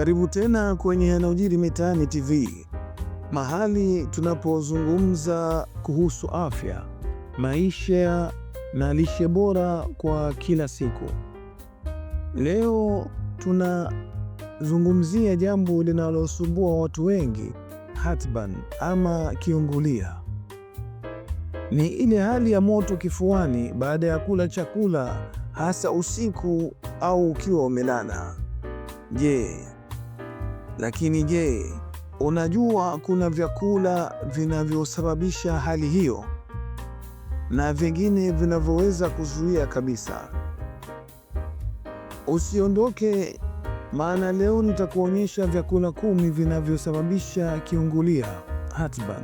Karibu tena kwenye yanayojiri mitaani TV, mahali tunapozungumza kuhusu afya, maisha na lishe bora kwa kila siku. Leo tunazungumzia jambo linalosumbua watu wengi, heartburn ama kiungulia. Ni ile hali ya moto kifuani baada ya kula chakula, hasa usiku au ukiwa umelala. Je, lakini je, unajua kuna vyakula vinavyosababisha hali hiyo na vingine vinavyoweza kuzuia kabisa? Usiondoke, maana leo nitakuonyesha vyakula kumi vinavyosababisha kiungulia hatban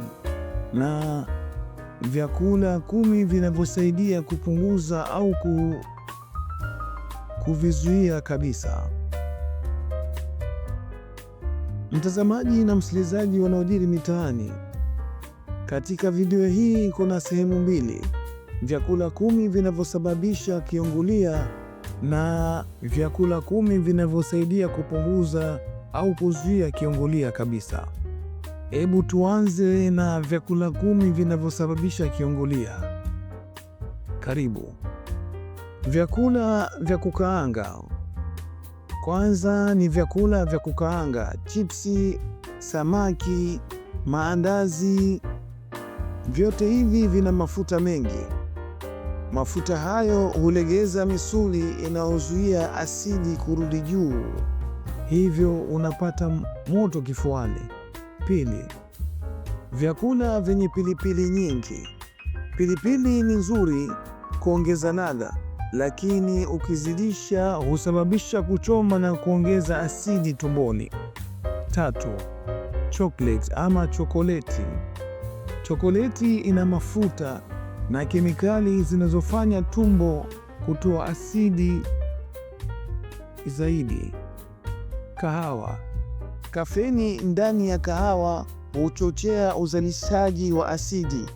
na vyakula kumi vinavyosaidia kupunguza au ku kuvizuia kabisa. Mtazamaji na msikilizaji yanayojiri mitaani. Katika video hii kuna sehemu mbili, vyakula kumi vinavyosababisha kiungulia na vyakula kumi vinavyosaidia kupunguza au kuzuia kiungulia kabisa. Hebu tuanze na vyakula kumi vinavyosababisha kiungulia. Karibu. Vyakula vya kukaanga kwanza ni vyakula vya kukaanga: chipsi, samaki, maandazi. Vyote hivi vina mafuta mengi. Mafuta hayo hulegeza misuli inayozuia asidi kurudi juu, hivyo unapata moto kifuani. Pili, vyakula vyenye pilipili nyingi. Pilipili ni nzuri kuongeza ladha, lakini ukizidisha husababisha kuchoma na kuongeza asidi tumboni. Tatu, chocolate ama chokoleti. Chokoleti ina mafuta na kemikali zinazofanya tumbo kutoa asidi zaidi. Kahawa. Kafeni ndani ya kahawa huchochea uzalishaji wa asidi.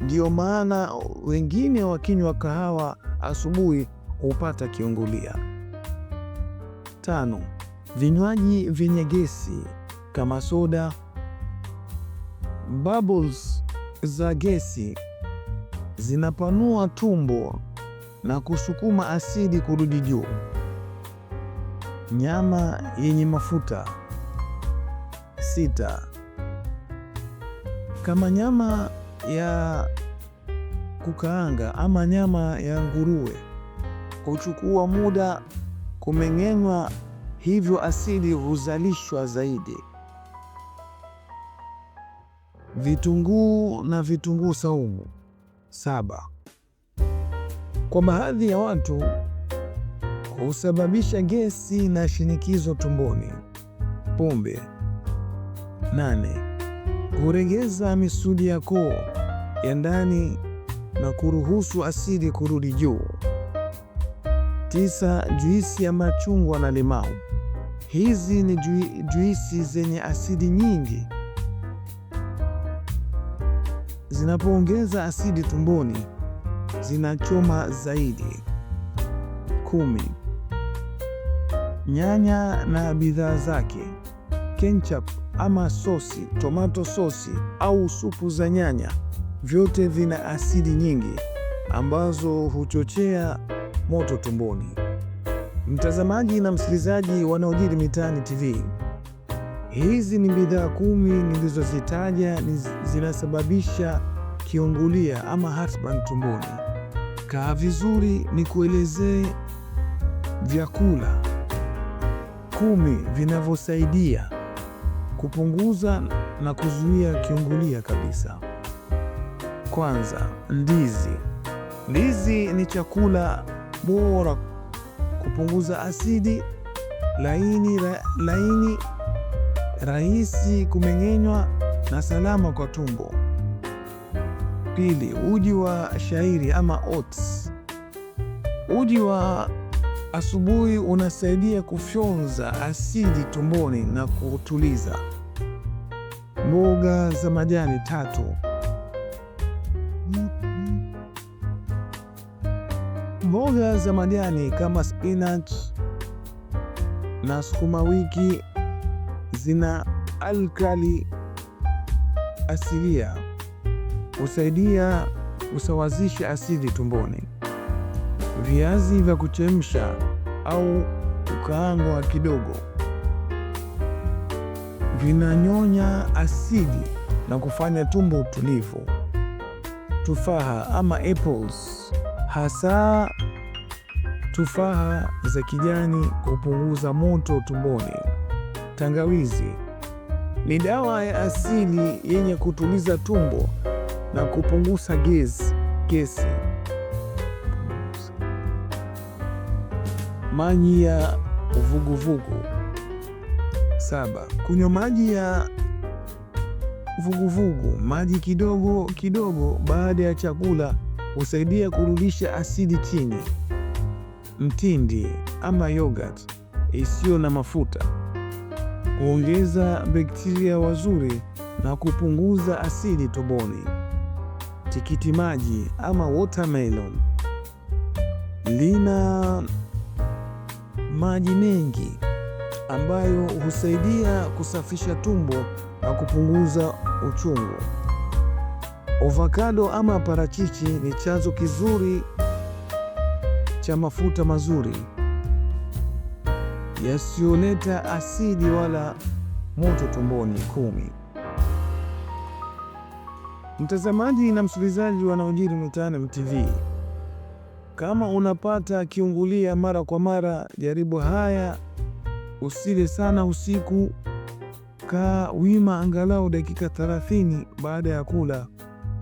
Ndio maana wengine wakinywa kahawa asubuhi hupata kiungulia. Tano, vinywaji vyenye gesi kama soda, bubbles za gesi zinapanua tumbo na kusukuma asidi kurudi juu. Nyama yenye mafuta. Sita, kama nyama ya kukaanga ama nyama ya nguruwe huchukua muda kumeng'enywa, hivyo asidi huzalishwa zaidi. Vitunguu na vitunguu saumu. Saba. Kwa baadhi ya watu husababisha gesi na shinikizo tumboni. Pombe. Nane huregeza misuli koo ya ndani na kuruhusu asidi kurudi juu. Tisa, juisi ya machungwa na limau. Hizi ni juisi zenye asidi nyingi, zinapoongeza asidi tumboni zinachoma zaidi. Kumi, nyanya na bidhaa zake, ketchup ama sosi, tomato sosi au supu za nyanya, vyote vina asidi nyingi ambazo huchochea moto tumboni. Mtazamaji na msikilizaji wanaojiri mitaani TV, hizi ni bidhaa kumi nilizozitaja zinasababisha kiungulia ama heartburn tumboni. Kaa vizuri ni kuelezee vyakula kumi vinavyosaidia kupunguza na kuzuia kiungulia kabisa. Kwanza, ndizi. Ndizi ni chakula bora kupunguza asidi, laini, ra, laini rahisi kumeng'enywa na salama kwa tumbo. Pili, uji wa shairi ama oats. Uji wa asubuhi unasaidia kufyonza asidi tumboni na kutuliza. Mboga za majani tatu mboga za majani kama spinach na sukuma wiki zina alkali asilia, husaidia kusawazisha asidi tumboni viazi vya kuchemsha au kukaangwa kidogo vinanyonya asidi na kufanya tumbo tulivu. Tufaha ama apples, hasa tufaha za kijani, kupunguza moto tumboni. Tangawizi ni dawa ya asili yenye kutuliza tumbo na kupunguza gesi. maji ya uvuguvugu. Saba, kunywa maji ya vuguvugu, maji kidogo kidogo baada ya chakula husaidia kurudisha asidi chini. Mtindi ama yogurt isiyo na mafuta kuongeza bakteria wazuri na kupunguza asidi tumboni. Tikiti maji ama watermelon lina maji mengi ambayo husaidia kusafisha tumbo na kupunguza uchungu. Ovakado ama parachichi ni chanzo kizuri cha mafuta mazuri yasiyoleta asidi wala moto tumboni. Kumi. Mtazamaji na msikilizaji yanayojiri mitaani MTV. Kama unapata kiungulia mara kwa mara, jaribu haya: usile sana usiku, kaa wima angalau dakika 30 baada ya kula,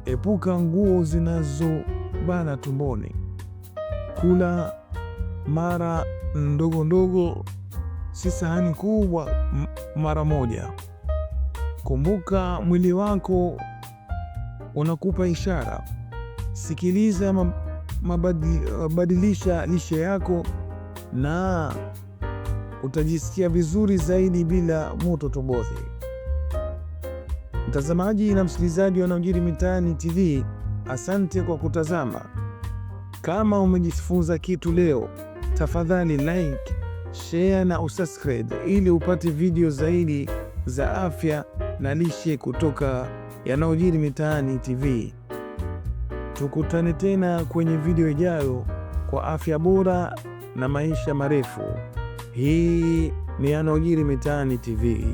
epuka nguo zinazobana tumboni, kula mara ndogo ndogo, si sahani kubwa mara moja. Kumbuka mwili wako unakupa ishara. Sikiliza Uh, badilisha lishe yako na utajisikia vizuri zaidi bila moto tobohe. Mtazamaji na msikilizaji yanayojiri mitaani TV, asante kwa kutazama. Kama umejifunza kitu leo, tafadhali like, share na usubscribe ili upate video zaidi za afya na lishe kutoka yanayojiri mitaani TV. Tukutane tena kwenye video ijayo kwa afya bora na maisha marefu. Hii ni yanayojiri mitaani TV.